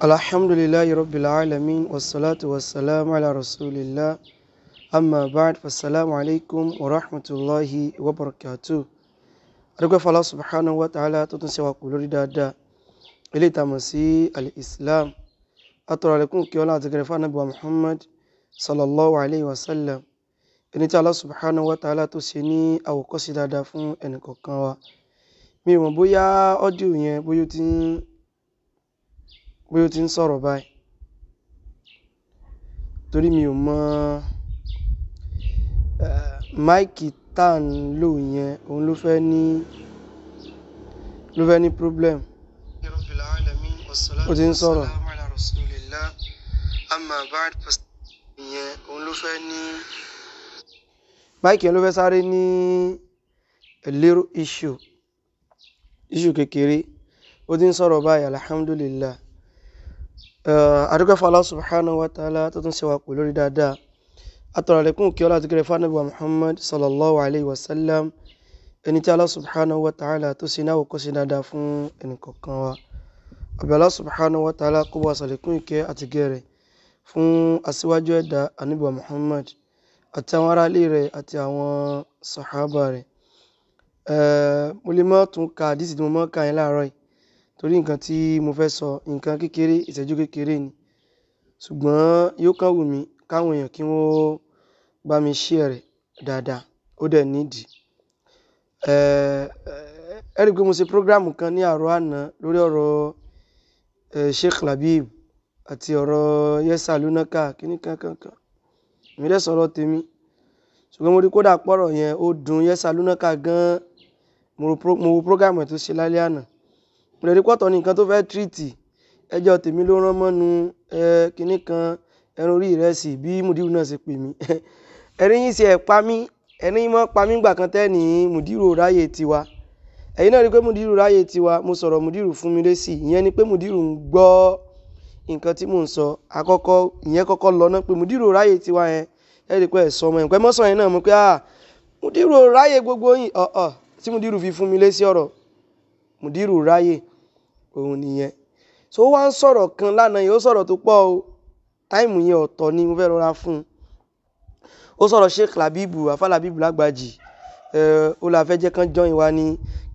alhamdulillahi rabbil alamin wassalatu wassalamu ala rasulillah amma ba'd fassalamu alaikum wa rahmatullahi wa barakatuh adúgbò fọlá subhanahu wa ta'ala tó tún ṣe wà kú lórí dáadáa ilé ìtàmọ̀ sí al-islam atọ̀rọ̀ àlékún kí ọlá àti gẹrẹfà nàbí wa muhammad sallallahu alayhi wa sallam ẹni tí Allah subhanahu wa ta'ala tó ṣe ní àwòkọ́ṣe dáadáa fún ẹnìkọ̀ọ̀kan wa mi ò mọ̀ bóyá ọ́díò yẹn bóyá ó ti ń pé ó ti ń sọ̀rọ̀ báyìí torí mi ò mọ máìkì tá à ń lò yẹn òun ló fẹ́ ní ló fẹ́ ní problem ó ti ń sọ̀rọ̀. máìkì yẹn ló fẹ́ sáré ní a little issue issue kékeré ó ti ń sọ̀rọ̀ báyìí alhamdulillah. Eh, adúgbò fún Allah subhanahu wa ta'ala tó tún ṣe wà kú lórí dáadáa atọ̀rọ̀lẹ́kùn kí ọlá àtúkẹ́rẹ́ fánàbíwá Muhammad sallallahu alayhi wa sallam ẹni tí Allah subhanahu wa ta'ala tó ṣe náà kó ṣe dáadáa fún ẹnìkọ̀ọ̀kan wa àbẹ̀ Allah wa ta'ala kó bá sàlẹ̀kùn ìkẹ́ àtìgẹ̀rẹ̀ fún aṣíwájú ẹ̀dá anábíwá Muhammad àti àwọn aráalé rẹ̀ àti àwọn sàhábà rẹ̀ eh, mo lè má tún ka àdìsí tí mo mọ́ ka yẹn láàárọ̀ yìí torí nǹkan tí mo fẹ́ sọ nǹkan kékeré, ìṣẹ́jú kékeré ni. Ṣùgbọ́n yóò kàn wù mí káwọn èèyàn kí wọ́n bá mi share rẹ̀ dáadáa. Ó dẹ̀ need. Ẹ rí pé mo ṣe program kan ní àárọ̀ àná lórí ọ̀rọ̀, Sheikh Labib àti ọ̀rọ̀ Yesalunaka kíni kan kan kan. Èmi dẹ̀ sọ̀rọ̀ tèmi. Ṣùgbọ́n mo rí pé ó dà pé ọ̀rọ̀ yẹn ó dùn Yesalunaka gan Mo wo pro-- mo wo program rẹ̀ tó ṣe lálẹ́ àná mo lè rí pọ́tọ̀ ní nǹkan tó fẹ́ tírìtì ẹjọ́ tèmi ló rán mọ́nu ẹ kinní kan ẹran orí ìrẹsì bí mùdírù náà ṣe pè mí ẹ̀rín yín ṣe ẹ̀ pa mí ẹ̀rín yín mọ́ pa mí gbà kan tẹ́ni mùdírù ráyè tiwa ẹ̀yin náà rí pé mùdírù ráyè tiwa mo sọ̀rọ̀ mùdírù fún mi lésì ìyẹn ni pé mùdírù ń gbọ́ nǹkan tí mò ń sọ àkọ́kọ́ ìyẹn kọ́kọ́ lọ náà pé mùdírù ráyè tiwa yẹn ẹ rí pé ẹ̀ sọ ọmọ yẹn pé mọ́sàn yẹn náà mo pé ah mùdírù ráyè gbogbo yín ọ̀ọ̀ tí mùdírù fi fún mi lésì ọ̀rọ̀ mùdírù ráyè òun nìyẹn so ó wá ń sọ̀rọ̀ kan lánàá yìí ó sọ̀rọ̀ tó pọ̀ o táìmù yẹn ọ̀tọ̀ ni mo fẹ́ rọra fún un ó sọ̀rọ̀ Sheikh Labibu afa Labibu lágbàjì ó la fẹ́ jẹ́ kán jọ́ ìwà ni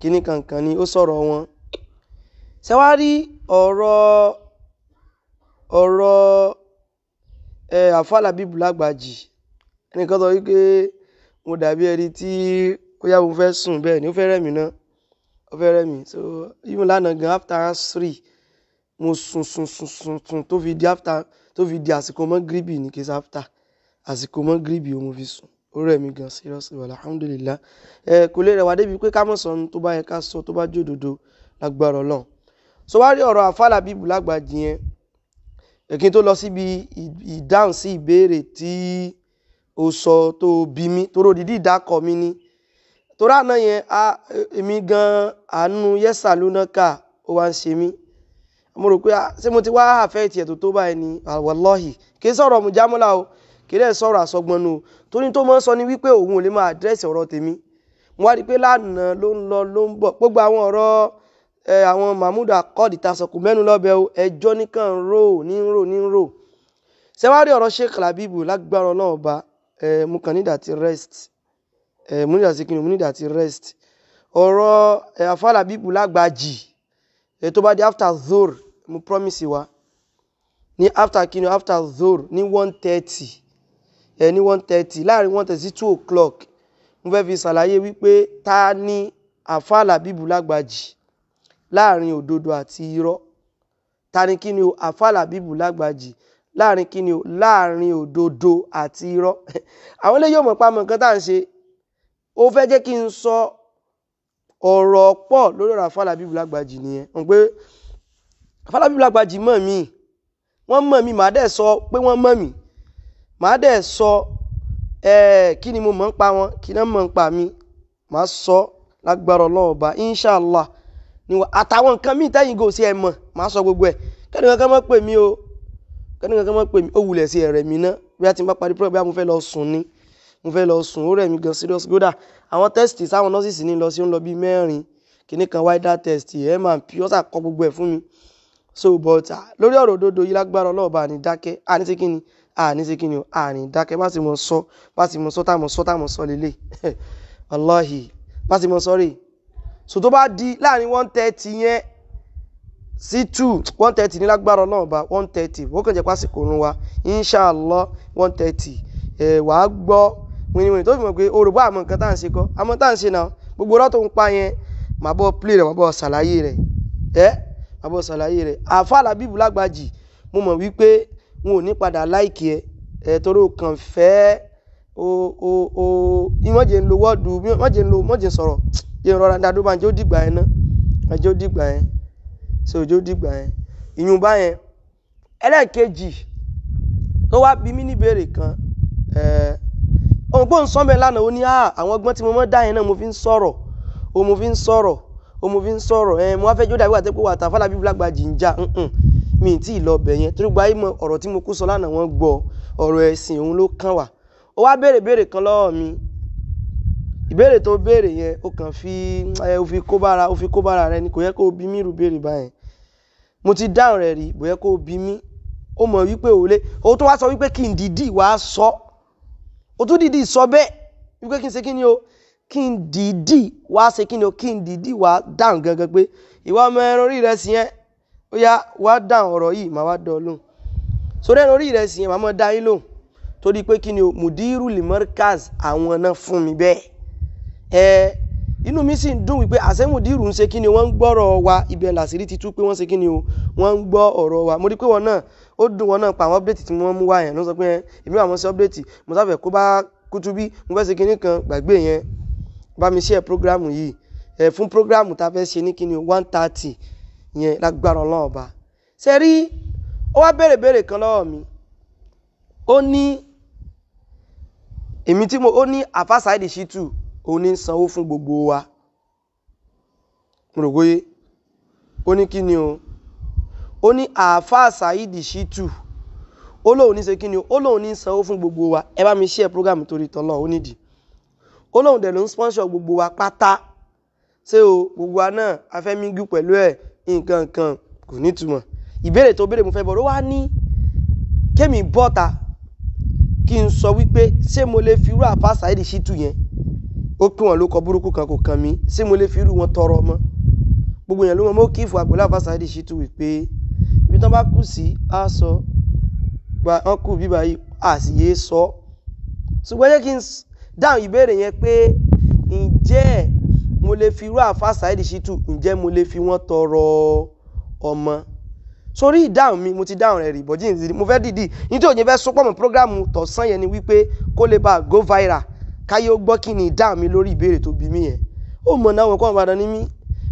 kíní kankan ni ó sọ̀rọ̀ wọn ṣe wá ọ̀rọ̀ ọ̀rọ̀ afa Labibu lágbàjì ẹnìkan sọ wípé mo dàbí ẹni tí ó mo fẹ́ sùn bẹ́ẹ̀ ni ó fẹ́ rẹ̀ mí náà ó fẹ́ mi so even lánàá gan after three. mo sùn sùn sùn sùn sùn tó fi di after tó fi di àsìkò mọ́ gíríbì ní kí after àsìkò mọ́ gíríbì ó mo fi sùn ó rẹ̀ mí gan seriously wà alhamdulillah ẹ kò lè rẹwà débi pé ká mọ̀ sọ ní tó bá yẹ ká sọ tó bá jòdòdó lágbára Ọlọ́run so wá rí ọ̀rọ̀ àfàlà bíbù lágbàjì yẹn èkí tó lọ síbi ìdáhùn sí ìbéèrè tí o sọ tó bí mi tó rò ìdákọ mi ní torí àná yẹn a èmi gan àánú yẹ́sà lónà ká ó wá ń ṣe mí mo rò pé ṣé mo ti wá àfẹ́ ìtì ẹ̀tọ́ tó báyìí ni wallahi kì í sọ̀rọ̀ mùjámọ́lá o kì í dẹ̀ sọ̀rọ̀ àsọgbọ́n nu o torí tó máa ń sọ ni wípé òun ò lè máa àdírẹ́sì ọ̀rọ̀ tèmi mo wá rí i pé lánàá ló ń lọ ló ń bọ̀ gbogbo àwọn ọ̀rọ̀ àwọn mahmood akọ́ọ̀dì ta sọ̀kù mẹ́nu lọ́bẹ̀ o ẹjọ́ nìkan rò ní rò ní rò ṣẹ́wárí ọ̀rọ̀ Sheikh Labeeb lágbára náà ọba mo kàn nídà ti rest eh, mo need àti kíni mo àti rest ọ̀rọ̀ eh, afala bíbù lágbàájì eh, tó bá di after zor mo promise wa ní after kíni after zor ní one thirty eh, ní one thirty láàrin one thirty two o'clock mo fẹ́ fi ṣàlàyé wípé ta ni afala bíbù lágbàájì láàrin òdodo àti irọ́ ta ni kíni o afala bíbù lágbàájì láàrin kíni o láàrin òdodo àti irọ́ àwọn eléyìí ò mọ̀ pa mọ̀ nǹkan tá à ń ṣe ó fẹ́ jẹ́ kí n sọ ọ̀rọ̀ pọ̀ lórí ọ̀rọ̀ Afálábí Lágbàjì nìyẹn wọn pé Afálábí Lágbàjì mọ̀ mí wọ́n mọ̀ mí màá dẹ̀ sọ pé wọ́n mọ̀ mí màá dẹ̀ sọ kí ni mo mọ̀ ń pa wọn kí ni mọ̀ ń pa mi màá sọ lágbára ọlọ́ọ̀ba inshallah níwọ̀n àtàwọn nǹkan míì tẹ́yìn gò sí ẹ mọ̀ màá sọ gbogbo ẹ̀ kẹ́ni kankan mọ̀ pé mi o kẹ́ni kankan mọ̀ pé mi ó wulẹ̀ sí ẹ̀rẹ̀ mi ná bí a ti ń bá parí púrọ̀ bí a mo fẹ́ lọ sùn ni mo fẹ́ lọ sùn ó rẹ̀ mí gan serious kódà àwọn test sáwọn nọ́ọ̀sì ní lọ sí ń lọ bí mẹ́rin kìíní kan wider test mmp ó sà kọ gbogbo ẹ̀ fún mi so but lórí ọ̀rọ̀ òdodo yìí lágbára ọlọ́ọ̀bà ní dákẹ́ àní sí kíni àní sí kíni o àní dákẹ́ bá sì mọ sọ bá sì mọ sọ tá mọ sọ tá mọ sọ lélẹ̀ wàláhì bá sì mọ sọ rè so tó bá di láàrin one thirty yẹn sí two one thirty ní lágbára ọlọ́ọ̀bà one thirty ó kàn jẹ́ pásìkò òrun wa inshallah one thirty ẹ̀ wàá gbọ́ wìnrin wìnrin tó fi mọ̀ pé Yorùbá àmọ́ nǹkan tá à ń ṣe gbogbo ọ̀rọ̀ tó ń pa yẹn màá bọ́ play rẹ̀ màá bọ́ ṣàlàyé rẹ̀ ẹ́ màá bọ́ ṣàlàyé rẹ̀ mo mọ̀ wípé wọn ò ní padà ẹ ẹ torí o kàn fẹ́ o o o ìmọ̀jẹ̀ ń lo wọ́ọ̀dù ń lo sọ̀rọ̀ yẹn rọra ń dadó dìgbà yẹn ọmọ pé òun sọ mẹ́ lánàá ó ní ah, àwọn ọgbọ́n tí mo mọ́ dá yẹn náà mo fi ń sọ̀rọ̀ o mo fi ń sọ̀rọ̀ o mo fi ń sọ̀rọ̀ ẹ mo wá fẹ́ jó dàbí wà tẹ́pẹ́ wà tà fàlàbí blagba jìnjà mi tí ì lọ bẹ̀ yẹn torí gba ìmọ̀ ọ̀rọ̀ tí mo kú sọ lánàá wọ́n gbọ́ ọ̀rọ̀ ẹ̀sìn òun ló kàn wá ó wá béèrè béèrè kan lọ́wọ́ mi ìbéèrè tó béèrè yẹn ó kàn fi ẹ ó fi kó bára ó fi kó bára rẹ ni kò yẹ kó o bí mí irú béèrè báyẹn mo ti dáhùn rẹ rí bóyá kó o bí mí ó mọ̀ wípé òun lé tó wá sọ wípé kí n dìídì wá sọ ó tún dìdí sọ bẹ́ẹ̀ wípé kí n ṣe kí ni o kí n dìídì wá ṣe kí ni o kí n dìídì wá dáhùn gangan pé ìwà ọmọ ẹran orí rẹ sí yẹn ó yá wá dáhùn ọ̀rọ̀ yìí màá wá dán ọ lóhùn sórí ẹran orí rẹ sí yẹn màá mọ dá yín lóhùn torí pé kí ni o mùdírù limarkaz àwọn náà fún mi bẹ́ẹ̀ ẹ inú mi sì ń dùn wípé àṣẹ ń ṣe kí ni wọ́n ń gbọ́rọ̀ wa ibẹ̀ làṣírí ti tú pé wọ́n ṣe kí ni o wọ́n ń gbọ́ ọ̀rọ̀ wa mo rí pé wọn náà ó dùn wọn náà pa àwọn update tí wọ́n mú wá yẹn ló sọ pé ẹ èmi àwọn ṣe update mo sáfẹ́ kó bá kútúbí mo fẹ́ ṣe kinní kan gbàgbé yẹn bá mi ṣe program yìí ẹ fún program tá a fẹ́ ṣe ní kinní one thirty yẹn lágbára ọlọ́run ọba ṣe rí ó wá béèrè béèrè kan lọ́wọ́ mi ó ní èmi tí mo ó ní àfàsáìdì ṣítù òun ní sanwó fún gbogbo wa mo rògbòye ó ní kí o ó ní àáfàá saheed shitu ó lóun ní ṣe kí ni ó lóun ní sanwó fún gbogbo wa ẹ bá mi ṣe program torí tọ́lọ́ ó nídìí ó lóun dẹ̀ ló ń sponsor gbogbo wa pátá ṣé o gbogbo wa náà a fẹ́ mingu pẹ̀lú ẹ̀ nǹkan kan kò nítumọ̀ ìbéèrè tó béèrè mo fẹ́ bọ̀ ló wá ní kémi bọ́ta kí n sọ wípé ṣé mo lè fi irú àáfàá saheed shitu yẹn ó pín wọn ló kọ burúkú kan kò kàn mí ṣé mo lè fi irú wọn tọrọ ọmọ gbogbo yẹn ló mọ mọ kí ìfọ àgbọ̀lá àáfàá saheed wípé ibi tán bá kù sí á sọ gba wọn kù bí báyìí á sì yé sọ ṣùgbọ́n jẹ́ kí n dáhùn ìbéèrè yẹn pé ǹjẹ́ mo lè fi irú àfa Saheed Shittu ǹjẹ́ mo lè fi wọ́n tọrọ ọmọ sórí ìdáhùn mi mo ti dáhùn rẹ̀ rí bọ́jí ìdí mo fẹ́ dìdí nítorí òye fẹ́ sọ pọ̀mọ́ prógráàmù tọ̀sán yẹn ni wípé kó lè bá go viral káyé ó gbọ́ kí ni ìdáhùn mi lórí ìbéèrè tó bí mi yẹn ó mọ̀ náà wọn kọ́ ọ̀bàdàn ní mí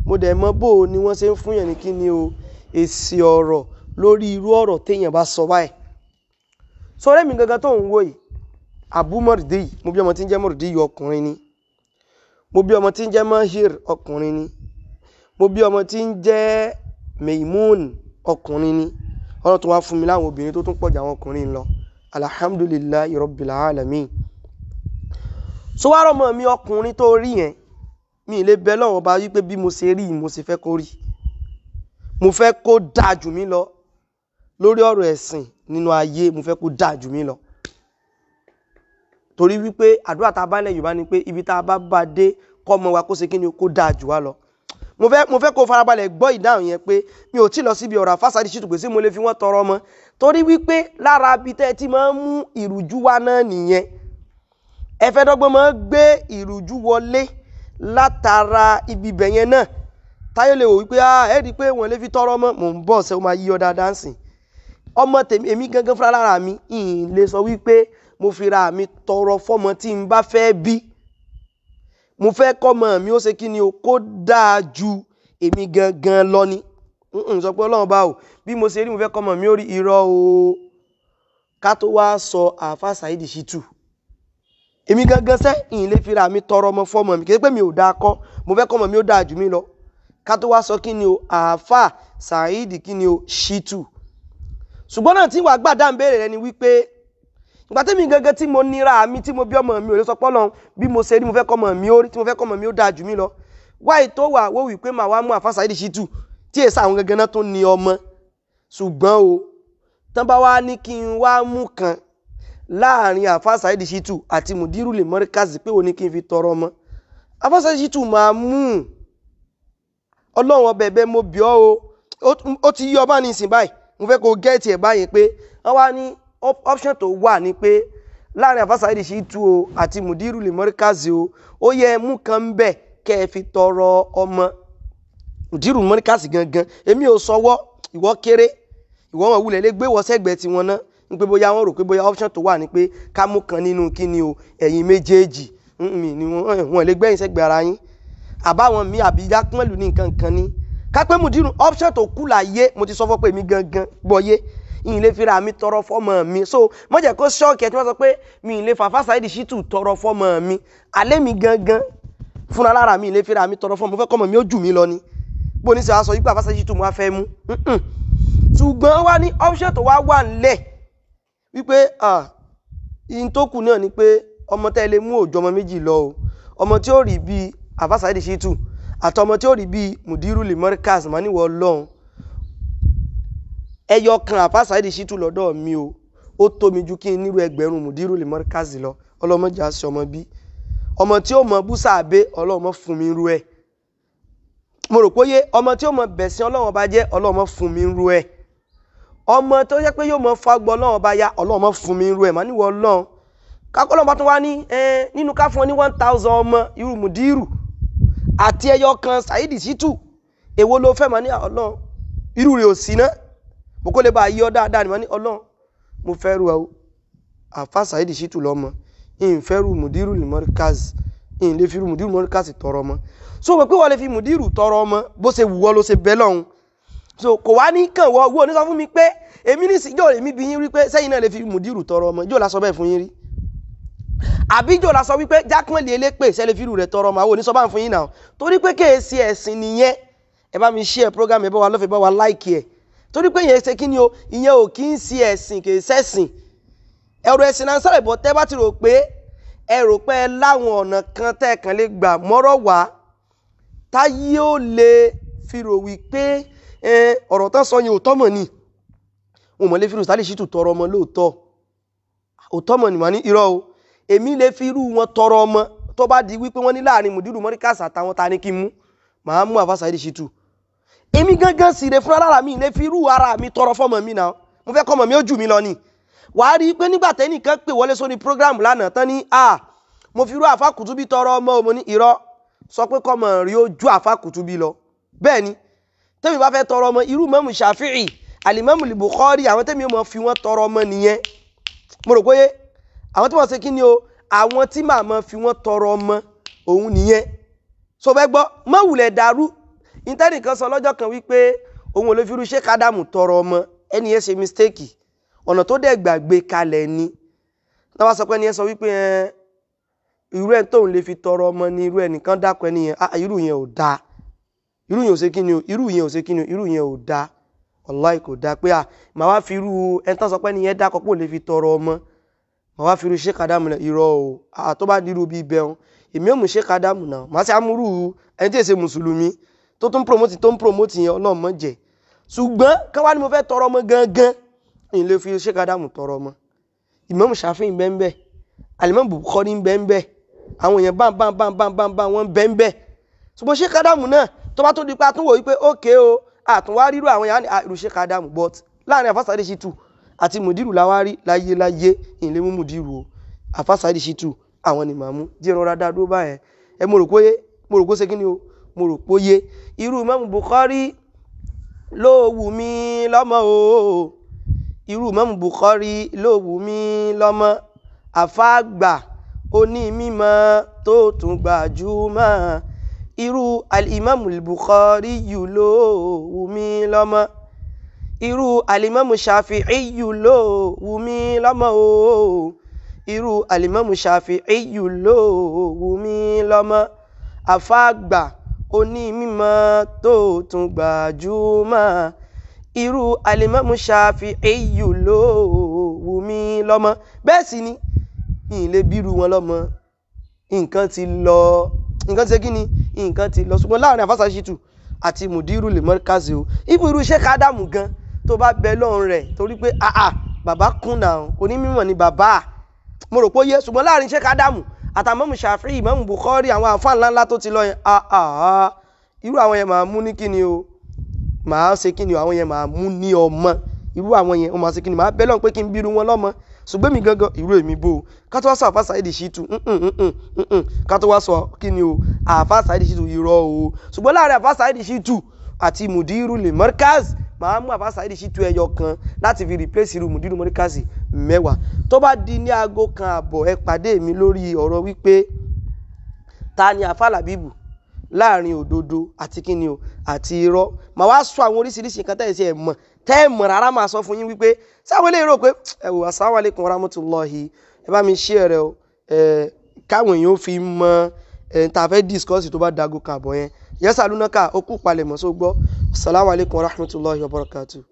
mo dẹ̀ mọ́ bò ó ni wọ́n ṣe ń fún yẹn ní kí ni o èsì ọ̀rọ̀ lórí irú ọ̀rọ̀ téèyàn bá sọ báyìí sọ̀rọ̀ mi gangan tó ń wò yìí abu mọ̀rìdì yìí mo bí ọmọ tí ń jẹ́ mọ̀rìdì yìí ọkùnrin ni mo bí ọmọ tí ń jẹ́ mahir ọkùnrin ni mo bí ọmọ tí ń jẹ́ meimun ọkùnrin ni ọlọ́run tó wá fún mi láwọn obìnrin tó tún pọ̀ jù àwọn ọkùnrin lọ alhamdulillahi rabbil alamin so wá rọmọ mi ọkùnrin tó rí yẹn mi ì lè bẹ lọ́wọ́ bá wípé bí mo ṣe rí mo ṣe fẹ́ kó rí i mo fẹ́ kó dáa jù mí lọ lórí ọ̀rọ̀ ẹ̀sìn nínú ayé mo fẹ́ kó dáa jù mí lọ torí wípé àdúrà tá a bá lẹ̀ Yorùbá ni pé ibi tá a bá bá dé kọ́ ọmọ wa kó ṣe kí ni kó dáa jù wá lọ mo fẹ́ mo fẹ́ kó farabalẹ̀ gbọ́ ìdáhùn yẹn pé mi ò tí lọ síbi ọ̀rọ̀ àfáṣadì ṣètò pèsè mo lè fi wọ́n tọrọ ọmọ torí wípé lára ibi tẹ́ ẹ ti máa ń mú ìrújú wá náà nìyẹn ẹ fẹ́ dọ́gbọ́n máa ń gbé ìrújú wọlé látara ibi ibẹ̀ yẹn náà táyé lè wò wípé ah ẹ rí i pé wọn lè fi tọrọ mọ mò ń bọ̀ ṣe ó máa yí ọ̀dà dáǹsì ọmọ tèmi èmi gangan fúnra lára mi ìhìn lè sọ wípé mo fi ra mi tọrọ fọmọ tí n bá fẹ́ bí mo fẹ́ kọ́mọ mi ó ṣe kí ni o kó dáa ju èmi gangan lọ ni n sọ pé ọlọ́run bá o bí mo ṣe rí mo fẹ́ kọ́mọ mi ó rí irọ́ o ká tó wá sọ àáfà Saheed Shittu èmi gangan sẹ́ ìhìn lè fi ra mi tọrọ ọmọ fọmọ mi kì í pé mi ò dáa kọ́ mo fẹ́ kọ́mọ mi ó dáa jù mí lọ ká tó wá sọ kí ni o àáfà Saheed kí ni o Shittu ṣùgbọ́n náà tí wàá gbà ń béèrè rẹ ni wípé ìgbà tẹ́mi gangan tí mo nira mi tí mo bí ọmọ mi ò lè sọ pọ́nà bí mo ṣe rí mo fẹ́ kọ́ ọmọ mi ó rí tí mo fẹ́ kọ́ ọmọ mi ó dáa jù mí lọ wáyé tó wà wó wípé màá wá mú àáfà Saheed Shittu tí èsà àwọn gangan náà tó ní ọmọ ṣùgbọ́n o tán bá wá ní kí n wá mú kan láàrin àáfà Saheed Shittu àti mùdírù lè mọ́rí kásì pé òní kí n fi tọrọ ọmọ àáfà Saheed Shittu máa mú un ọlọ́run ọbẹ̀ ẹ̀bẹ̀ mo bì ọ́ o ó ti yí ọba ní ìsìn báyìí mo fẹ́ kó gẹ́ẹ̀tì ẹ̀ báyìí pé wọ́n wá ní option tó wà ní pé láàrin àfàsàìdì sí tu o àti mùdírù lèmọ́ríkàzì o ó yẹ mú kan bẹ̀ kẹ́ ọmọ mùdírù gangan èmi ò sọwọ́ ìwọ́ kéré wọn wulẹ̀ gbé náà ń pé rò pé bóyá tó wà ní pé ká kan nínú àbáwọn mi àbí yakumẹ̀lú ní nǹkan kan ní kápẹ́ mùdírù option tó kú láyé mo ti sọ fọ́ pé mi gangan gbọ́yé ìyìn lè fira mi tọrọ fọmọ mi so mo jẹ́ kó ṣọ́ọ̀kì ẹ̀ tí wọ́n sọ pé mi ì lè fàfà sáyidì ṣì tù tọrọ fọmọ mi alẹ́ mi gangan fúnra lára mi ì lè fira mi tọrọ fọmọ mo fẹ́ kọ́mọ mi ó jù mí lọ ni bó ní sọ wá sọ yípa fàfà sáyidì ṣì tù mo wá fẹ́ mú ṣùgbọ́n wá ní option tó wá wà ńlẹ̀ wípé ìyìn tó kù náà ni pé ọmọ tẹ́ lè mú òjò ọmọ méjì lọ o ọmọ tí ó rí bíi àfàsàìdì ṣìtù àtọmọ tí ó rí bíi mùdírù limorcas mà níwọ̀ ọlọ́run ẹyọ kan àfàsàìdì ṣìtù lọ́dọ̀ mi o ó tómi ju kí n nírú ẹgbẹ̀rún mùdírù limorcas lọ ọlọ́mọjà sí ọmọ bí ọmọ tí ó mọ búsàbẹ ọlọ́mọ fún mi rú ẹ mo rò póye ọmọ tí ó mọ bẹ̀sìn ọlọ́wọ́n bá jẹ́ ọlọ́mọ fún mi rú ẹ ọmọ tó jẹ́ pé yóò mọ fagbọ́ ọlọ́wọ́n bá ya ọlọ́mọ fún mi rú ẹ mà ọlọ́run kakọlọmọ tó wá ní nínú ká ní one thousand ọmọ irú mùdírù àti ẹyọ kan Saheed Shittu èwo ló fẹ́ mọ́ ní ọlọ́run irú rẹ̀ ò sí ná mo kó lè bá yí ọ dáadáa ni mo ní ọlọ́run mo fẹ́ ru ọ àfa Saheed Shittu lọ́mọ ìyìn fẹ́ ru mùdírù ní Markaz ìyìn lè fi ru mùdírù Markaz tọrọ ọmọ so wọ́n pé wọ́n lè fi mùdírù tọrọ ọmọ bó ṣe wù ọ́ ló ṣe bẹ́ lọ́hùn so kò wá ní kàn wọ́ owó onísọ fún mi pé èmi ní ìjọ èmi bí yín rí pé sẹ́yìn náà lè fi mùdírù tọrọ àbíjò la sọ wípé jákùn lè lépè sẹ́lẹ̀ fírù rẹ̀ tọrọ màá wò ní sọ bá ń fún yín náà torí pé kèèsì ẹ̀sìn nìyẹn ẹ bá mi share program ẹ bá wa love ẹ bá wa like ẹ torí pé yẹn ṣe kí ni o ìyẹn ò kí ń ṣe ẹ̀sìn kì í ṣẹ̀sìn ẹ̀rọ ẹ̀sìn náà sọ̀rọ̀ ìbọn tẹ́ bá ti rò pé ẹ rò pé ẹ láwọn ọ̀nà kan tẹ́ ẹ kàn lè gbà mọ́rọ̀ wá táyé ó lè fi rò wípé ọ̀rọ̀ tán sọ yẹn òótọ́ mọ̀ ni wọn fi rò sálẹ̀ sí tòótọ́ ọmọ lóòótọ́ òótọ́ mọ̀ ni wà ní irọ́ o èmi lè fi irú wọn tọrọ ọmọ tó bá di wípé wọ́n ní láàrin mùdírù mọ́ríkàsì àtàwọn ta ni kí mú màá mú àfàṣà yìí ṣètù èmi gangan sì rè fún ara mi lè fi irú ara mi tọrọ fọmọ mi náà mo fẹ́ kọ́mọ mi ó jù mí lọ ni wàá rí i pé nígbà tẹ́nìkan pè wọlé sórí programu lánàá tán ní a mo fi irú àfàkùtùbí tọrọ ọmọ òmò ní irọ́ sọ pé kọ́mọ rí ó ju àfàkùtùbí lọ bẹ́ẹ̀ ni tẹ́mi bá fẹ́ tọrọ ọmọ irú mọ́mù Shafi'i alimami Bukhari àwọn tẹ́mi mọ́ fi wọ́n tọrọ ọmọ nìyẹn mo rò pé àwọn tí wọ́n ṣe kí ni o àwọn tí màmá fi wọ́n tọrọ ọmọ òun nìyẹn so fẹ́ gbọ́ mọ̀wùlẹ̀ dàrú ìtẹ́nìkan sọ lọ́jọ́ kan wípé òun ò lè fi irú ṣé kádàmù tọrọ ọmọ ẹni yẹn ṣe mistake ọ̀nà tó dẹ̀ gbàgbé kalẹ̀ ni náà wá sọ pé ẹni yẹn sọ wípé ẹ irú ẹ̀ tóun lè fi tọrọ ọmọ ni irú ẹnìkan dákọ ẹni yẹn ah irú yẹn ò dáa irú yẹn ò ṣe kíni o irú yẹn ò ṣe kíni o irú yẹn ò dáa wallahi kò dáa pé ah màá wá fi irú ẹ̀ tán sọ pé ẹni yẹn dákọ pé òun lè fi tọrọ ọmọ wọ́n wá fi irú Sheikh Adamu lẹ̀ irọ́ o àtọ́ bá dirú bíi bẹ́ẹ̀ èmi ò mú Sheikh Adamu náà màá sì amúrú ẹni tí èsè mùsùlùmí tó tún promote tó ń promote yẹn ọlọ́run mọ̀ jẹ́ ṣùgbọ́n káwá ni mo fẹ́ tọrọ ọmọ gangan n lè fi Sheikh Adamu tọrọ ọmọ Imam Shafi'i bẹ́ẹ̀ Al-Imam Bukhari bẹ́ẹ̀ àwọn èèyàn báńbá báńbá báńbá wọn bẹ́ẹ̀ ṣùgbọ́n Sheikh Adamu náà tó bá tó di pa àtúnwò wípé ókè o àtúnwá rírú àwọn yàrá ìrù Sheikh Adamu but láàrin àfọ́sàdé ṣe tù àti mùdírù láwárí láyé láyé ìlé mú mùdírù o àfàsàdì ṣìtù àwọn ni màmú díẹ̀ rọra dá dúró báyẹn ẹ mo rò pé mo rò pé ṣe kí ni o mo rò pé yé irú Imamu Bukhari ló wù mí lọ́mọ o irú Imamu Bukhari ló wù mí lọ́mọ àfàgbà onímímọ́ tó tún gbajúmọ̀ irú al-Imamu bukhari yìí ló wù mí lọ́mọ irú alimami ṣàfihìyù ló wù mí lọ́mọ o irú alimami ṣàfihìyù ló wù mí lọ́mọ àfàgbà onímọ̀ tó tún gbajúmọ̀ irú alimami ṣàfihìyù ló wù mí lọ́mọ bẹ́ẹ̀ sì ni ìlé bírú wọn lọ́mọ nǹkan ti lọ nǹkan ti ṣe kí ni nǹkan ti lọ ṣùgbọ́n láàrin àfàṣàṣìtù àti mùdírù lè mọ́kàsí o ibùdó iṣẹ́ ká dààmú gan tó bá bẹ lọ́run rẹ̀ torí pé àà ah, ah, bàbá kùnà onímọ̀ ni bàbá mo rò pé yé ṣùgbọ́n láàrin ṣé kádàmù àtàmọ́mù ṣàfihàn ìmọ̀mù Bukhari àwọn àǹfà ńláńlá tó ti lọ yẹn àà ah, irú àwọn yẹn máa mú ní kíni o màá ṣe kíni o àwọn yẹn máa mú ní ọmọ irú àwọn yẹn wọn máa ṣe kíni màá bẹ́ lọ́n pé kí n bírú wọn lọ́mọ ṣùgbọ́n mi gangan irú èmi bò ó ká tó wá sọ àfa Saidi Shittu mm, mm, mm, ká tó wá sọ kíni o àfa Saidi Shittu irọ́ o ṣùgbọ́n láàrin àfa Saidi Shittu àti mudiru le markaz màá mú àfáà Saheed Shittu ẹyọ kan láti fi replace irú Mudiru Morikazi mẹ́wàá tó bá di ní aago kan àbọ̀ ẹ pàdé mi lórí ọ̀rọ̀ wípé ta ni àfáà Làbíbù láàrin òdodo àti kíni o àti irọ́ màá wá sọ àwọn oríṣiríṣi nǹkan tẹ̀sí ẹ̀ mọ̀ tẹ́ ẹ̀ mọ̀ rárá màá sọ fún yín wípé sáwọn eléyìí rò pé ẹ wò assalamu ẹ bá mi share rẹ o káwọn èèyàn fi mọ ẹ tá a fẹ́ discuss tó bá dago kàbọ̀ yẹn yẹsà lúnákà ó kú palẹ̀mọ́ só Assalamu alaikum warahmatullahi wabarakatuh.